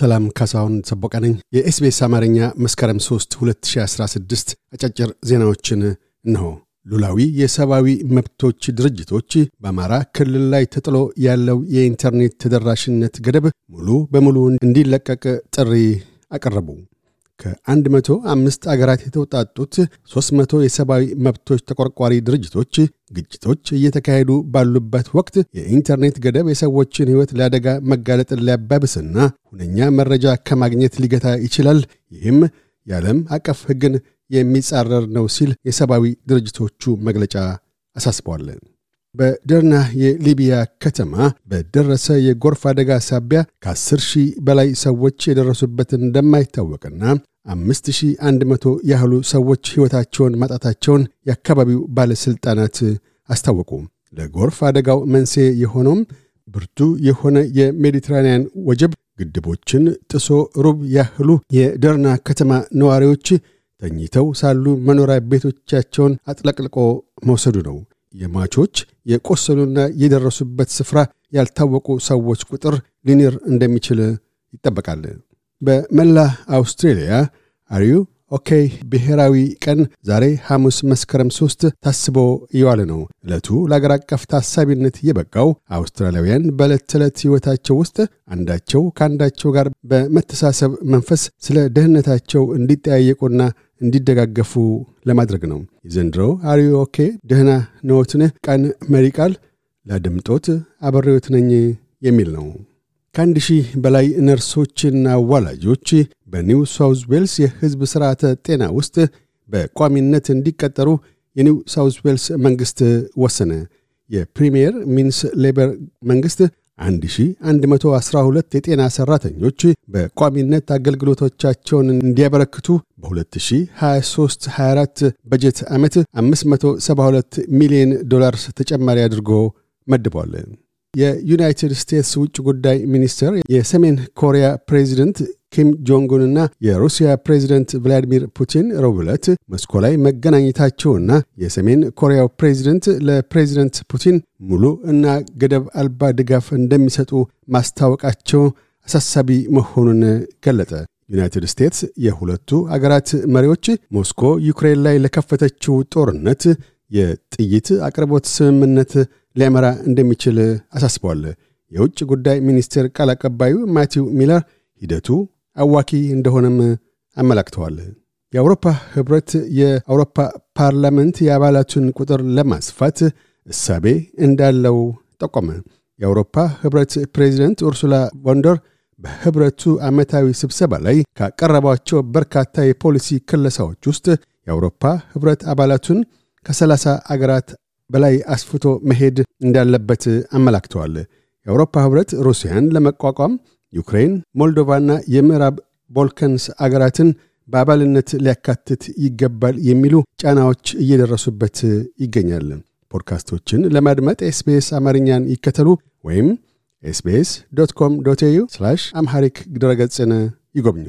ሰላም ካሳሁን ሰቦቃ ነኝ። የኤስቤስ አማርኛ መስከረም 3 2016 አጫጭር ዜናዎችን እነሆ። ሉላዊ የሰብአዊ መብቶች ድርጅቶች በአማራ ክልል ላይ ተጥሎ ያለው የኢንተርኔት ተደራሽነት ገደብ ሙሉ በሙሉ እንዲለቀቅ ጥሪ አቀረቡ። ከ አምስት አገራት የተውጣጡት 300 የሰብአዊ መብቶች ተቆርቋሪ ድርጅቶች ግጭቶች እየተካሄዱ ባሉበት ወቅት የኢንተርኔት ገደብ የሰዎችን ሕይወት ለአደጋ መጋለጥን ሊያባብስና ሁነኛ መረጃ ከማግኘት ሊገታ ይችላል። ይህም የዓለም አቀፍ ሕግን የሚጻረር ነው ሲል የሰብአዊ ድርጅቶቹ መግለጫ አሳስበዋል። በደርና የሊቢያ ከተማ በደረሰ የጎርፍ አደጋ ሳቢያ ከ10 ሺህ በላይ ሰዎች የደረሱበት እንደማይታወቅና 5100 ያህሉ ሰዎች ሕይወታቸውን ማጣታቸውን የአካባቢው ባለሥልጣናት አስታወቁ። ለጎርፍ አደጋው መንስኤ የሆነውም ብርቱ የሆነ የሜዲትራንያን ወጀብ ግድቦችን ጥሶ ሩብ ያህሉ የደርና ከተማ ነዋሪዎች ተኝተው ሳሉ መኖሪያ ቤቶቻቸውን አጥለቅልቆ መውሰዱ ነው። የማቾች የቆሰሉና የደረሱበት ስፍራ ያልታወቁ ሰዎች ቁጥር ሊኒር እንደሚችል ይጠበቃል። በመላ አውስትሬልያ አሪዩ ኦኬ ብሔራዊ ቀን ዛሬ ሐሙስ መስከረም 3 ታስቦ እየዋለ ነው። ዕለቱ ለአገር አቀፍ ታሳቢነት የበቃው አውስትራሊያውያን በዕለት ተዕለት ሕይወታቸው ውስጥ አንዳቸው ከአንዳቸው ጋር በመተሳሰብ መንፈስ ስለ ደህንነታቸው እንዲጠያየቁና እንዲደጋገፉ ለማድረግ ነው። የዘንድሮ አሪዮኬ ደህና ነዎትን ቀን መሪ ቃል ላድምጦት አበሬዎት ነኝ የሚል ነው። ከአንድ ሺህ በላይ ነርሶችና ወላጆች በኒው ሳውዝ ዌልስ የሕዝብ ሥርዓተ ጤና ውስጥ በቋሚነት እንዲቀጠሩ የኒው ሳውዝ ዌልስ መንግሥት ወሰነ። የፕሪምየር ሚንስ ሌበር መንግሥት 1112 የጤና ሠራተኞች በቋሚነት አገልግሎቶቻቸውን እንዲያበረክቱ በ2023/24 በጀት ዓመት 572 ሚሊዮን ዶላርስ ተጨማሪ አድርጎ መድቧል። የዩናይትድ ስቴትስ ውጭ ጉዳይ ሚኒስትር የሰሜን ኮሪያ ፕሬዚደንት ኪም ጆንጉንና የሩሲያ ፕሬዚደንት ቭላዲሚር ፑቲን ረቡለት መስኮ ሞስኮ ላይ መገናኘታቸውና የሰሜን ኮሪያው ፕሬዚደንት ለፕሬዚደንት ፑቲን ሙሉ እና ገደብ አልባ ድጋፍ እንደሚሰጡ ማስታወቃቸው አሳሳቢ መሆኑን ገለጠ። ዩናይትድ ስቴትስ የሁለቱ አገራት መሪዎች ሞስኮ ዩክሬን ላይ ለከፈተችው ጦርነት የጥይት አቅርቦት ስምምነት ሊያመራ እንደሚችል አሳስበዋል። የውጭ ጉዳይ ሚኒስቴር ቃል አቀባዩ ማቲው ሚለር ሂደቱ አዋኪ እንደሆነም አመላክተዋል። የአውሮፓ ህብረት የአውሮፓ ፓርላመንት የአባላቱን ቁጥር ለማስፋት እሳቤ እንዳለው ጠቆመ። የአውሮፓ ህብረት ፕሬዚደንት ኡርሱላ ቮንደር በህብረቱ ዓመታዊ ስብሰባ ላይ ካቀረቧቸው በርካታ የፖሊሲ ክለሳዎች ውስጥ የአውሮፓ ህብረት አባላቱን ከ30 አገራት በላይ አስፍቶ መሄድ እንዳለበት አመላክተዋል። የአውሮፓ ህብረት ሩሲያን ለመቋቋም ዩክሬን፣ ሞልዶቫና የምዕራብ ቦልከንስ አገራትን በአባልነት ሊያካትት ይገባል የሚሉ ጫናዎች እየደረሱበት ይገኛል። ፖድካስቶችን ለማድመጥ ኤስቤስ አማርኛን ይከተሉ ወይም ኤስቤስ ዶት ኮም ዶት ኤዩ አምሃሪክ ድረገጽን ይጎብኙ።